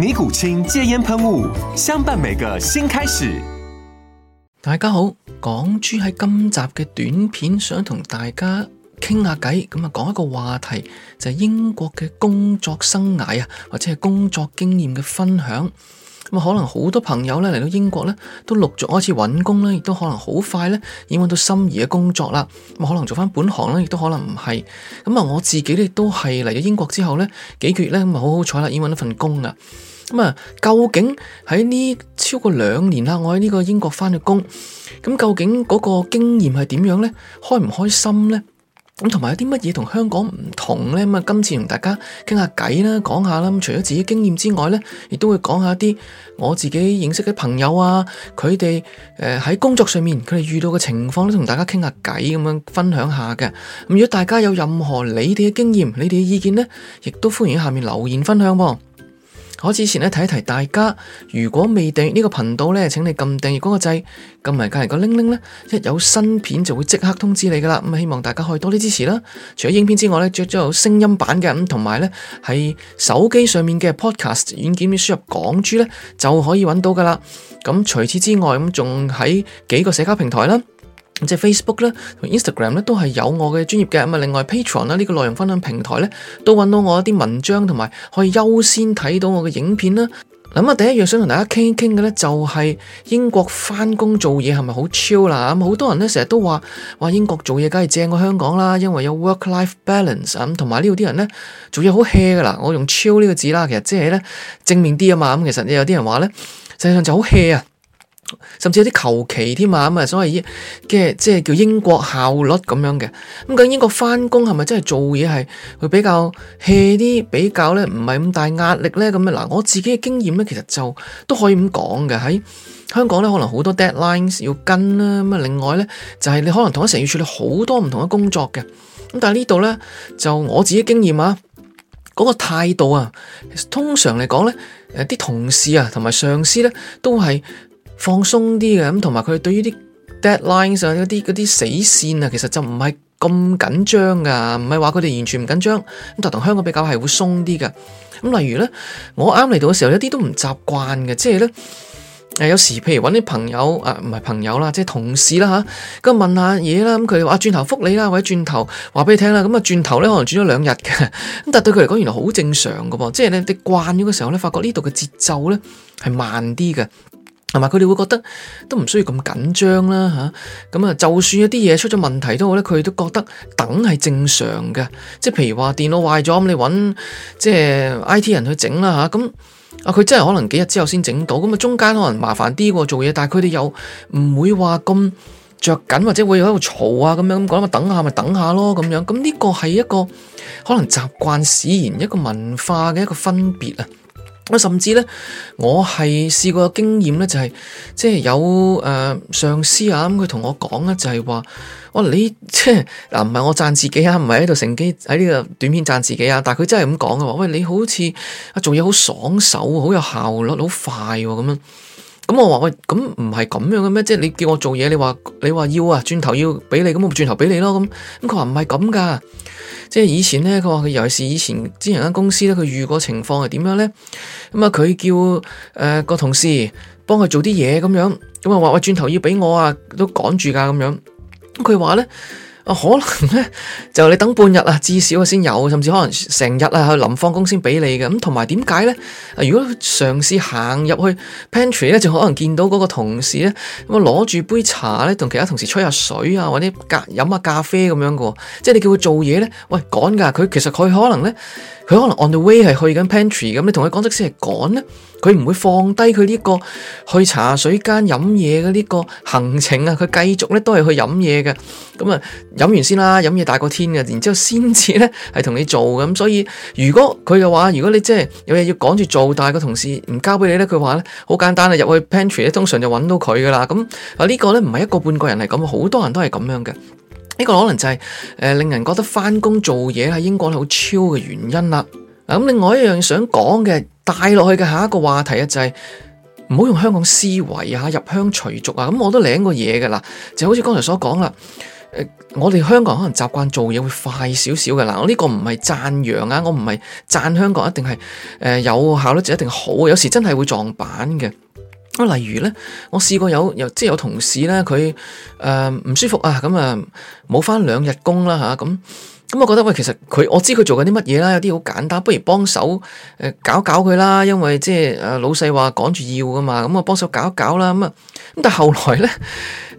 尼古清戒煙噴霧，相伴每個新開始。大家好，港豬喺今集嘅短片，想同大家傾下偈，咁啊講一個話題就係英國嘅工作生涯啊，或者係工作經驗嘅分享。咁啊，可能好多朋友咧嚟到英國咧，都陸續開始揾工啦，亦都可能好快咧，已經揾到心儀嘅工作啦。咁啊，可能做返本行啦，亦都可能唔係。咁啊，我自己咧都係嚟咗英國之後咧，幾個月咧咁啊，好好彩啦，已經揾到份工啦。咁啊，究竟喺呢超過兩年啦，我喺呢個英國返咗工，咁究竟嗰個經驗係點樣咧？開唔開心咧？咁同埋有啲乜嘢同香港唔同咧？咁啊，今次同大家傾下偈啦，講下啦。咁除咗自己經驗之外咧，亦都會講下啲我自己認識嘅朋友啊，佢哋誒喺工作上面佢哋遇到嘅情況，都同大家傾下偈咁樣分享下嘅。咁如果大家有任何你哋嘅經驗、你哋嘅意見咧，亦都歡迎喺下面留言分享。我之前呢，提一提大家，如果未訂閱呢個頻道呢，請你撳訂閱嗰個掣，撳埋隔籬個鈴鈴呢，一有新片就會即刻通知你㗎啦。咁希望大家可以多啲支持啦。除咗影片之外呢，着咗有聲音版嘅，咁同埋呢係手機上面嘅 Podcast 軟件輸入港豬呢，就可以搵到㗎啦。咁除此之外咁，仲喺幾個社交平台啦。即係 Facebook 咧，同 Instagram 咧，都係有我嘅專業嘅咁啊，另外 Patreon 啦呢個內容分享平台咧，都揾到我一啲文章同埋可以優先睇到我嘅影片啦。咁啊，第一樣想同大家傾一傾嘅咧，就係英國返工做嘢係咪好 chill 啦？咁好多人咧，成日都話話英國做嘢梗係正過香港啦，因為有 work-life balance，咁同埋呢度啲人咧，做嘢好 hea 噶啦。我用 chill 呢個字啦，其實即係咧，正面啲啊嘛。咁其實有啲人話咧，實際上就好 hea 啊。甚至有啲求其添嘛，咁啊，所謂嘅即係叫英國效率咁樣嘅。咁究竟英國翻工係咪真係做嘢係會比較氣啲，比較咧唔係咁大壓力咧咁啊？嗱，我自己嘅經驗咧，其實就都可以咁講嘅。喺香港咧，可能好多 deadlines 要跟啦。咁啊，另外咧就係你可能同一時要處理好多唔同嘅工作嘅。咁但係呢度咧就我自己經驗啊，嗰個態度啊，通常嚟講咧，誒，啲同事啊同埋上司咧都係。放鬆啲嘅咁，同埋佢對於啲 deadlines 啊，嗰啲啲死線啊，其實就唔係咁緊張噶，唔係話佢哋完全唔緊張。咁但同香港比較係會鬆啲嘅。咁例如咧，我啱嚟到嘅時候一啲都唔習慣嘅，即係咧誒，有時譬如揾啲朋友啊，唔係朋友啦，即係同事啦嚇，咁、啊、問下嘢啦，咁佢話轉頭覆你啦，或者轉頭話俾你聽啦，咁啊轉頭咧可能轉咗兩日嘅，咁但係對佢嚟講原來好正常嘅噃，即係咧，你慣咗嘅時候咧，發覺呢度嘅節奏咧係慢啲嘅。同埋佢哋會覺得都唔需要咁緊張啦嚇，咁啊就算有啲嘢出咗問題都好咧，佢都覺得等係正常嘅。即係譬如話電腦壞咗咁，你揾即係、就是、I T 人去整啦嚇。咁啊佢真係可能幾日之後先整到，咁啊中間可能麻煩啲過做嘢，但係佢哋又唔會話咁着緊，或者會喺度嘈啊咁樣咁講，咪等下咪等下咯咁樣。咁呢個係一個可能習慣使然，一個文化嘅一個分別啊。甚至咧，我係試過的經驗咧、就是，就係即係有誒、呃、上司啊，咁佢同我講咧，就係話，哇我你即係嗱，唔係我讚自己啊，唔係喺度乘機喺呢個短片讚自己啊，但係佢真係咁講嘅話，喂你好似啊做嘢好爽手，好有效率，好快咁、啊、樣。咁我話喂，咁唔係咁樣嘅咩？即係你叫我做嘢，你話你話要啊，轉頭要俾你，咁我轉頭俾你咯。咁咁佢話唔係咁噶，即係以前咧，佢話佢尤其是以前之前間公司咧，佢遇過情況係點樣咧？咁啊，佢叫誒個同事幫佢做啲嘢咁樣，咁佢話喂，轉頭要俾我啊，都趕住噶咁樣。咁佢話咧。可能咧就你等半日啊，至少啊先有，甚至可能成日啊去臨放工先俾你嘅。咁同埋點解咧？如果嘗試行入去 pantry 咧，就可能見到嗰個同事咧咁啊，攞住杯茶咧，同其他同事吹下水啊，或者咖飲下咖啡咁樣嘅。即係你叫佢做嘢咧，喂趕㗎。佢其實佢可能咧，佢可能 on the way 係去緊 pantry 咁。你同佢講即時係趕咧，佢唔會放低佢呢個去茶水間飲嘢嘅呢個行程啊。佢繼續咧都係去飲嘢嘅咁啊。飲完先啦，飲嘢大過天嘅，然之後先至呢係同你做咁。所以如果佢嘅話，如果你即係有嘢要趕住做，大個同事唔交俾你呢，佢話呢好簡單啊，入去 pantry 通常就揾到佢噶啦。咁啊，呢個呢唔係一個半個人係咁，好多人都係咁樣嘅呢、呢個，可能就係、是、誒、呃、令人覺得返工做嘢喺英國好 chill 嘅原因啦。咁另外一樣想講嘅帶落去嘅下一個話題啊、就係，就係。唔好用香港思維啊，入鄉隨俗啊，咁我都領過嘢噶啦。就好似剛才所講啦，我哋香港可能習慣做嘢會快少少㗎啦。我呢個唔係讚揚啊，我唔係讚香港一定係有效率就一定好，有時真係會撞板嘅。例如咧，我試過有有即係有同事咧，佢呃唔舒服啊，咁啊冇返兩日工啦嚇咁。咁、嗯、我覺得喂，其實佢我知佢做緊啲乜嘢啦，有啲好簡單，不如幫手、呃、搞搞佢啦，因為即係、呃、老細話趕住要㗎嘛，咁、嗯、我幫手搞一搞啦，咁、嗯、啊，咁但係後來咧。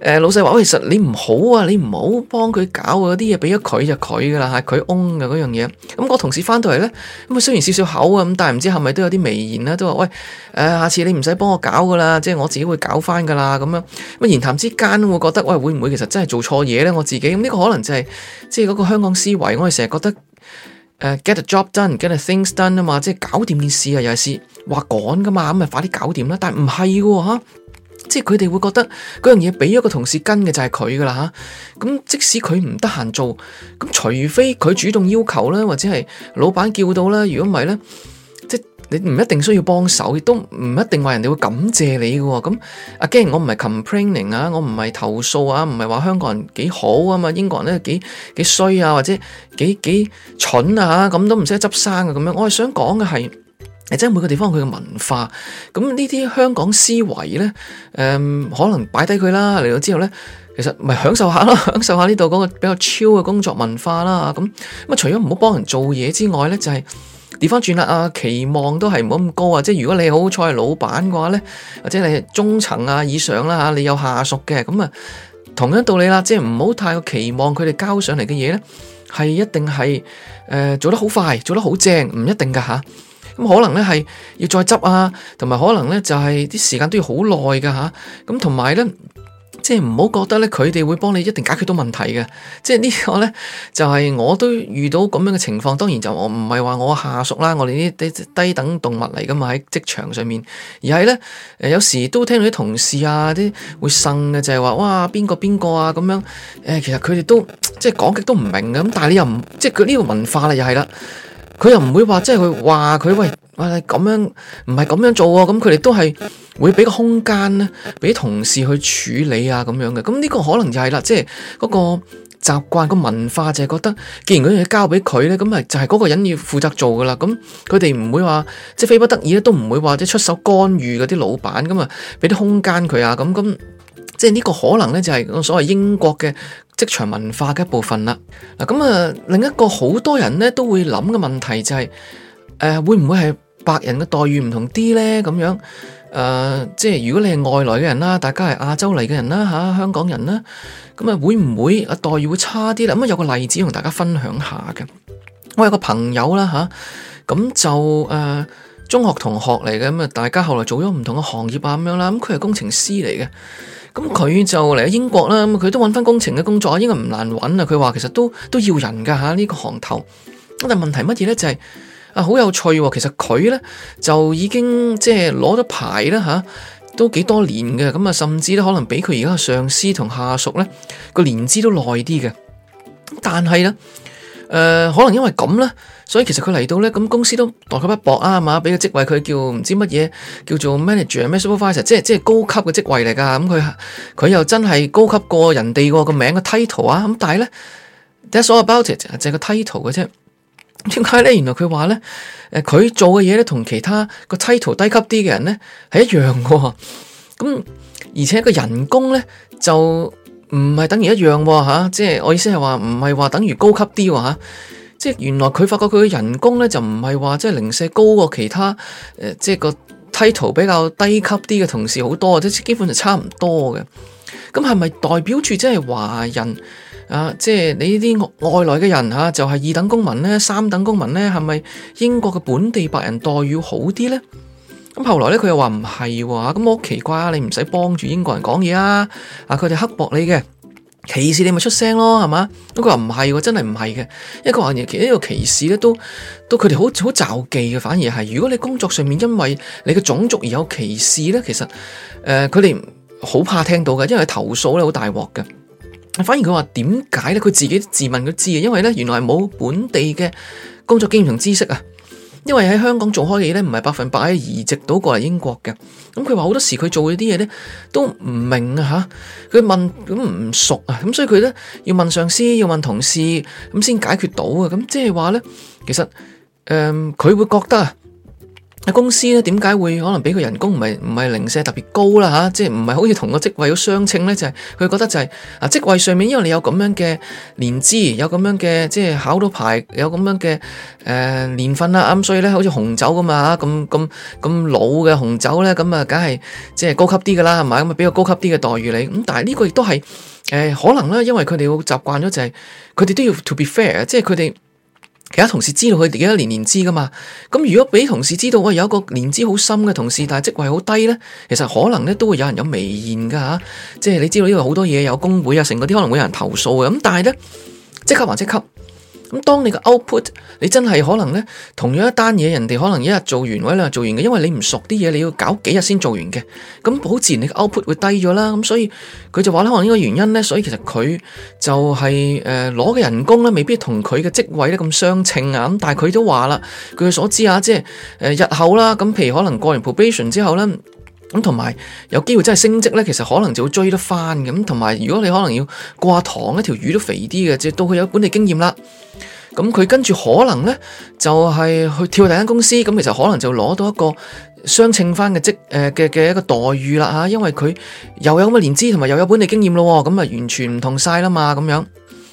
誒老細話：喂，其實你唔好啊，你唔好幫佢搞嗰啲嘢俾咗佢就佢噶啦嚇，佢 own 嘅嗰樣嘢。咁個同事翻到嚟咧，咁啊雖然少少口啊，咁但係唔知係咪都有啲微言啦，都話喂、呃、下次你唔使幫我搞噶啦，即係我自己會搞翻噶啦咁樣。咁言談之間會覺得喂，會唔會其實真係做錯嘢咧？我自己咁呢個可能就係、是、即係嗰個香港思維，我哋成日覺得、呃、get a job done，get a things done 啊嘛，即係搞掂件事啊，又係話趕噶嘛，咁咪快啲搞掂啦！但唔係喎。即係佢哋會覺得嗰樣嘢俾咗個同事跟嘅就係佢噶啦吓，咁即使佢唔得閒做，咁除非佢主動要求啦，或者係老闆叫到啦，如果唔係咧，即係你唔一定需要幫手，亦都唔一定話人哋會感謝你嘅。咁 again 我唔係 complaining 啊，我唔係投訴啊，唔係話香港人幾好啊嘛，英國人咧幾幾衰啊，或者幾幾蠢啊吓，咁都唔識得執生啊咁樣我。我係想講嘅係。即係每個地方佢嘅文化，咁呢啲香港思維呢，誒、嗯、可能擺低佢啦。嚟到之後呢，其實咪享受下咯，享受下呢度嗰個比較超嘅工作文化啦。咁咁啊，除咗唔好幫人做嘢之外呢，就係調翻轉啦。啊，期望都係唔好咁高啊。即係如果你好彩係老闆嘅話呢，或者你係中層啊以上啦，嚇你有下屬嘅咁啊，同樣道理啦，即係唔好太過期望佢哋交上嚟嘅嘢呢，係一定係誒、呃、做得好快，做得好正，唔一定㗎。嚇咁可能咧係要再執啊，同埋可能咧就係啲時間都要好耐噶吓，咁同埋咧即係唔好覺得咧佢哋會幫你一定解決到問題嘅，即係呢個咧就係我都遇到咁樣嘅情況，當然就我唔係話我下屬啦，我哋啲低低等動物嚟噶嘛喺職場上面，而係咧，誒有時都聽到啲同事啊啲會呻嘅，就係話哇邊個邊個啊咁樣，誒其實佢哋都即係講極都唔明嘅，咁但係你又唔即係佢呢個文化啦，又係啦。佢又唔會話，即係佢話佢喂，喂你咁樣，唔係咁樣做喎，哦。咁佢哋都係會俾個空間咧，俾同事去處理啊，咁樣嘅。咁呢個可能就係、是、啦，即係嗰個習慣、那個文化就係覺得，既然嗰樣嘢交俾佢咧，咁咪就係嗰個人要負責做噶啦。咁佢哋唔會話即係非不得已咧，都唔會話即係出手干預嗰啲老闆咁啊，俾啲空間佢啊。咁咁，即係呢個可能咧，就係所謂英國嘅。職場文化嘅一部分啦。嗱，咁啊，另一個好多人咧都會諗嘅問題就係，誒，會唔會係白人嘅待遇唔同啲咧？咁樣，誒，即係如果你係外來嘅人啦，大家係亞洲嚟嘅人啦，嚇香港人啦，咁啊，會唔會啊待遇會差啲咧？咁啊，有個例子要同大家分享下嘅，我有個朋友啦，嚇，咁就誒中學同學嚟嘅，咁啊，大家後來做咗唔同嘅行業啊，咁樣啦，咁佢係工程師嚟嘅。咁佢就嚟喺英國啦，咁佢都揾翻工程嘅工作，應該唔難揾啊。佢話其實都都要人噶嚇，呢個行頭。但問題乜嘢咧？就係啊，好有趣。其實佢咧就已經即係攞咗牌啦嚇，都幾多年嘅。咁啊，甚至咧可能比佢而家嘅上司同下屬咧個年資都耐啲嘅。但係咧，誒可能因為咁咧。所以其實佢嚟到咧，咁公司都待佢不薄啊嘛，俾個職位佢叫唔知乜嘢叫做 manager、咩 supervisor，即係即係高級嘅職位嚟噶。咁佢佢又真係高級過人哋個名個 title 啊。咁但係咧，that's all about it，就係個 title 嘅啫。點解咧？原來佢話咧，誒佢做嘅嘢咧同其他個 title 低級啲嘅人咧係一樣嘅喎。咁而且個人工咧就唔係等於一樣喎嚇，即、啊、係、就是、我意思係話唔係話等於高級啲喎即係原來佢發覺佢嘅人工咧就唔係話即係零舍高過其他即係、就是、個 title 比較低級啲嘅同事好多，即係基本就差唔多嘅。咁係咪代表住即係華人啊？即、就、係、是、你呢啲外來嘅人就係二等公民咧，三等公民咧，係咪英國嘅本地白人待遇好啲咧？咁後來咧佢又話唔係喎，咁我好奇怪啊！你唔使幫住英國人講嘢啊？啊，佢哋刻薄你嘅。歧視你咪出聲咯，係嘛？不過唔係，真係唔係嘅，一個話其實呢個歧視咧，都都佢哋好好罩忌嘅，反而係如果你工作上面因為你嘅種族而有歧視咧，其實誒佢哋好怕聽到嘅，因為投訴咧好大鑊嘅。反而佢話點解咧？佢自己自問佢知嘅，因為咧原來係冇本地嘅工作經驗同知識啊，因為喺香港做開嘢咧，唔係百分百係移植到過嚟英國嘅。咁佢話好多時佢做嘅啲嘢咧都唔明啊吓，佢問咁唔熟啊，咁所以佢咧要問上司，要問同事咁先解決到啊，咁即係話咧，其實誒佢、呃、會覺得啊。公司咧，點解會可能畀佢人工唔係唔係零舍特別高啦嚇，即係唔係好似同個職位好相稱呢？就係、是、佢覺得就係啊職位上面，因為你有咁樣嘅年資，有咁樣嘅即係考到牌，有咁樣嘅誒、呃、年份啦，咁所以呢，好似紅酒咁嘛嚇，咁咁咁老嘅紅酒呢，咁啊梗係即係高級啲噶啦，係咪？咁啊比較高級啲嘅待遇嚟。咁但係呢個亦都係可能啦，因為佢哋會習慣咗就係佢哋都要 to be fair，即係佢哋。其他同事知道佢哋幾多年年資㗎嘛？咁如果俾同事知道，喂有一個年資好深嘅同事，但係職位好低呢，其實可能呢都會有人有微言㗎。即係你知道呢度好多嘢有工會啊，成個啲可能會有人投訴嘅，咁但係呢，即刻還即刻。咁當你個 output 你真係可能呢同樣一單嘢人哋可能一日做完或者兩日做完嘅，因為你唔熟啲嘢，你要搞幾日先做完嘅。咁好自然你 output 會低咗啦。咁所以佢就話可能呢個原因呢，所以其實佢就係誒攞嘅人工呢，未必同佢嘅職位呢咁相稱啊。咁但係佢都話啦，據佢所知啊，即係日後啦，咁譬如可能過完 probation 之後呢。咁同埋有機會真係升職咧，其實可能就會追得翻嘅。咁同埋如果你可能要掛糖，一條魚都肥啲嘅，即係到佢有本地經驗啦。咁佢跟住可能咧就係、是、去跳第間公司，咁其實可能就攞到一個相稱翻嘅職嘅嘅一個待遇啦吓，因為佢又有咪年資同埋又有本地經驗咯喎，咁啊完全唔同晒啦嘛咁樣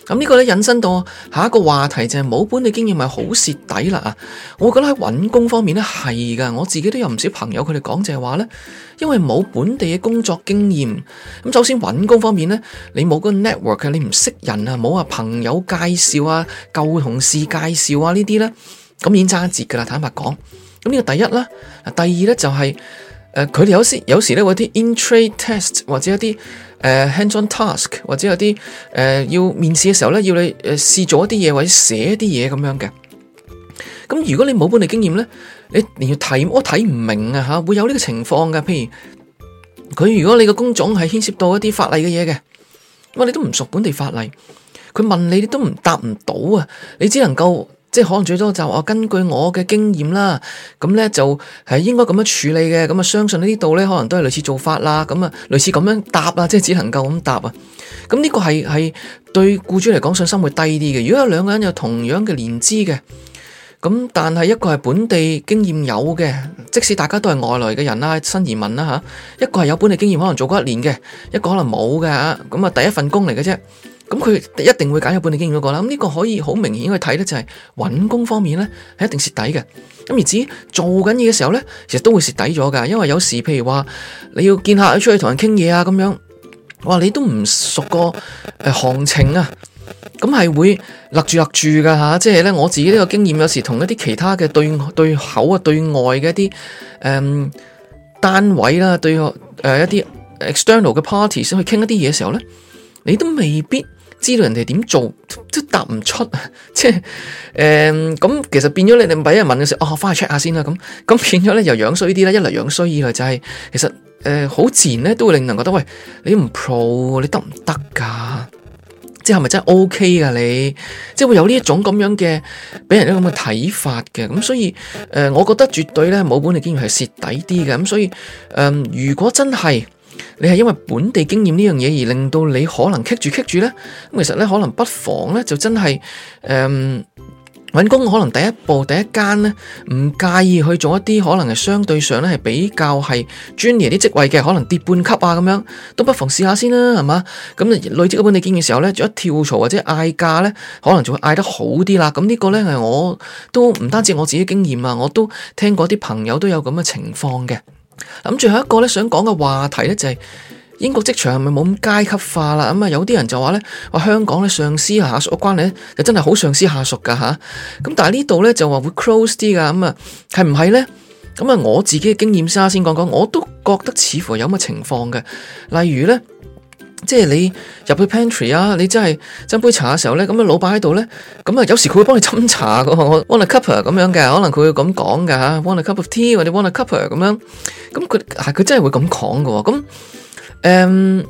咁呢個咧引申到下一個話題就係冇本地經驗咪好蝕底啦啊！我覺得喺揾工方面咧係噶，我自己都有唔少朋友佢哋講就係話咧，因為冇本地嘅工作經驗，咁首先揾工方面咧，你冇個 network 你唔識人啊，冇啊朋友介紹啊、舊同事介紹啊呢啲咧，咁已經差一截噶啦，坦白講。咁呢個第一啦，第二咧就係，誒佢哋有時有時咧會有啲 entry test 或者一啲。誒、uh,，hands-on task 或者有啲誒、uh, 要面試嘅時候咧，要你誒試做一啲嘢或者寫一啲嘢咁樣嘅。咁如果你冇本地經驗咧，你連睇，我睇唔明啊吓，會有呢個情況嘅。譬如佢如果你個工種係牽涉到一啲法例嘅嘢嘅，咁你都唔熟本地法例，佢問你你都唔答唔到啊，你只能夠。即係可能最多就我根據我嘅經驗啦，咁咧就係應該咁樣處理嘅，咁啊相信呢度咧可能都係類似做法啦，咁啊類似咁樣答啊，即係只能夠咁答啊。咁呢個係係對僱主嚟講信心會低啲嘅。如果有兩個人有同樣嘅年資嘅，咁但係一個係本地經驗有嘅，即使大家都係外來嘅人啦，新移民啦吓，一個係有本地經驗，可能做過一年嘅，一個可能冇嘅吓，咁啊第一份工嚟嘅啫。咁佢一定會揀有本地經驗嗰個啦。咁呢個可以好明顯去，去睇咧就係、是、揾工方面咧係一定蝕底嘅。咁而至於做緊嘢嘅時候咧，其實都會蝕底咗㗎，因為有時譬如話，你要見客出去同人傾嘢啊，咁樣，哇！你都唔熟個、呃、行情啊，咁係會勒住勒住㗎。吓，即係咧，我自己呢個經驗，有時同一啲其他嘅對對口啊、對外嘅一啲誒、呃、單位啦，對、呃、一啲 external 嘅 party 先去傾一啲嘢嘅時候咧，你都未必。知道人哋點做都答唔出即係誒，咁、就是嗯、其實變咗你哋俾人問嘅時候，哦，翻去 check 下先啦。咁咁變咗咧，又樣衰啲啦。一嚟樣衰，二嚟就係其實誒，好、呃、自然咧，都會令人覺得喂，你唔 pro，你得唔得噶？即係係咪真係 OK 噶、啊？你即係、就是、會有呢一種咁樣嘅俾人咁嘅睇法嘅。咁、嗯、所以誒、呃，我覺得絕對咧冇本地經驗係蝕底啲嘅。咁、嗯、所以誒、呃，如果真係。你係因為本地經驗呢樣嘢而令到你可能棘住棘住咧，咁其實咧可能不妨咧就真係，誒、呃、搵工可能第一步第一間咧唔介意去做一啲可能係相對上咧係比較係專業啲職位嘅，可能跌半級啊咁樣，都不妨試下先啦，係嘛？咁你累積咗本地經驗嘅時候咧，做一跳槽或者嗌價咧，可能就會嗌得好啲啦。咁呢個咧係我都唔單止我自己經驗啊，我都聽過啲朋友都有咁嘅情況嘅。咁最後一個咧想講嘅話題咧就係英國職場係咪冇咁階級化啦，咁啊有啲人就話咧，話香港咧上司下屬嘅關係咧就真係好上司下屬噶吓，咁但係呢度咧就話會 close 啲噶咁啊係唔係咧？咁啊我自己嘅經驗先講講，我都覺得似乎係有乜情況嘅，例如咧。即係你入去 pantry 啊，你真係斟杯茶嘅時候咧，咁啊老闆喺度咧，咁啊有時佢會幫你斟茶㗎喎，我 want a cupper 啊咁樣嘅，可能佢會咁講嘅嚇，want a cup of tea 或者 want a cupper 咁樣，咁佢係佢真係會咁講嘅喎，咁誒。嗯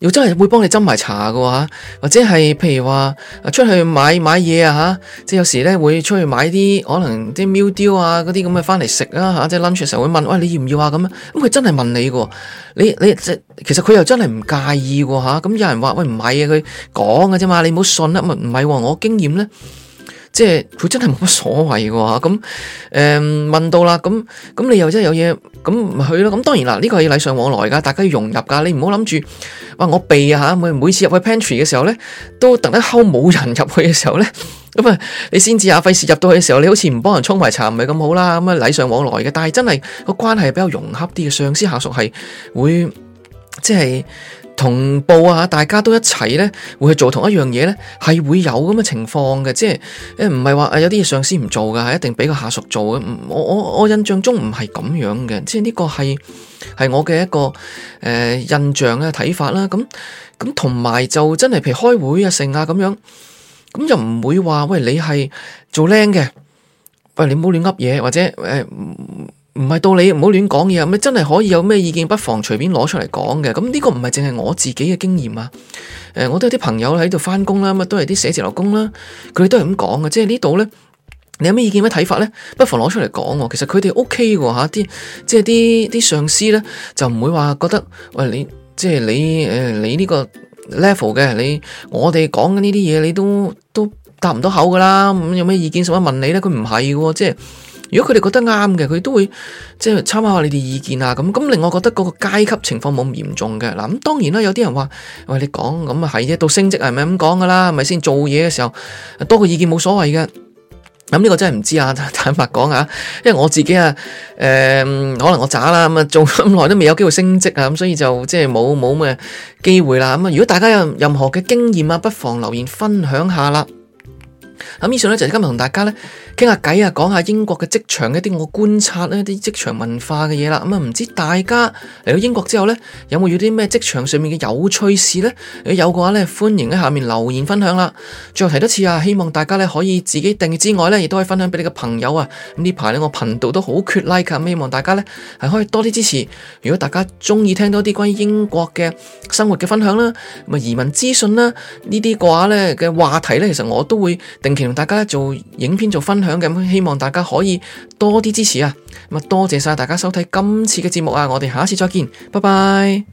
又真係會幫你斟埋茶噶吓，或者係譬如話，出去買買嘢啊，吓，即係有時咧會出去買啲可能啲 menu 啊嗰啲咁嘅翻嚟食啊吓，即係 lunch 嘅時候會問喂，你要唔要啊咁啊，咁佢真係問你噶你你即係其實佢又真係唔介意噶吓，咁有人話喂，唔係啊，佢講嘅啫嘛，你唔好信啦，唔係我經驗咧。即係佢真係冇乜所謂嘅話，咁誒、嗯、問到啦，咁咁你又真係有嘢，咁咪去咯。咁當然啦，呢個係禮尚往來㗎，大家要融入㗎。你唔好諗住話我避啊嚇，每每次入去 pantry 嘅時候呢，都特登間冇人入去嘅時候呢。咁啊你先至啊，費事入到去嘅時候你好似唔幫人沖埋茶，唔係咁好啦。咁啊禮尚往來嘅，但係真係個關係比較融洽啲嘅上司下屬係會即係。同步啊！大家都一齊咧，會去做同一樣嘢咧，係會有咁嘅情況嘅，即係誒，唔係話誒有啲嘢上司唔做㗎，係一定俾個下屬做嘅。我我我印象中唔係咁樣嘅，即係呢個係係我嘅一個誒、呃、印象嘅睇法啦。咁咁同埋就真係譬如開會啊成啊咁樣，咁就唔會話喂，你係做靚嘅，喂，你唔好亂噏嘢或者誒。呃唔係到你唔好亂講嘢啊！真係可以有咩意見，不妨隨便攞出嚟講嘅。咁呢個唔係淨係我自己嘅經驗啊！誒、呃，我都有啲朋友喺度翻工啦，咁都係啲寫字樓工啦，佢哋都係咁講嘅。即係呢度咧，你有咩意見、咩睇法咧？不妨攞出嚟講。其實佢哋 O K 嘅吓，啲即係啲啲上司咧就唔會話覺得喂你即係你誒你呢個 level 嘅你我哋講緊呢啲嘢你都都答唔到口噶啦。咁有咩意見，什乜、OK 啊、問你咧？佢唔係即係。如果佢哋覺得啱嘅，佢都會即係、就是、參考下你哋意見啊，咁令我覺得嗰個階級情況冇咁嚴重嘅嗱。咁當然啦，有啲人話：喂，你講咁啊，係啫、就是，到升職係咪咁講噶啦？係咪先做嘢嘅時候多個意見冇所謂嘅。咁、嗯、呢、這個真係唔知啊，坦白講啊，因為我自己啊，誒、呃，可能我渣啦咁啊，做咁耐都未有機會升職啊，咁所以就即係冇冇咩機會啦。咁啊，如果大家有任何嘅經驗啊，不妨留言分享下啦。咁以上咧，就係今日同大家咧傾下偈啊，講下英國嘅職場一啲我觀察咧啲職場文化嘅嘢啦。咁啊，唔知大家嚟到英國之後咧，有冇遇到啲咩職場上面嘅有趣事咧？如果有嘅話咧，歡迎喺下面留言分享啦。最後提多次啊，希望大家咧可以自己訂閱之外咧，亦都可以分享俾你嘅朋友啊。呢排咧我頻道都好缺 like，咁希望大家咧係可以多啲支持。如果大家中意聽多啲關於英國嘅生活嘅分享啦，咁啊移民資訊啦呢啲嘅話咧嘅話題咧，其實我都會。定期同大家做影片做分享，咁希望大家可以多啲支持啊！咁啊，多謝晒大家收睇今次嘅節目啊！我哋下次再見，拜拜。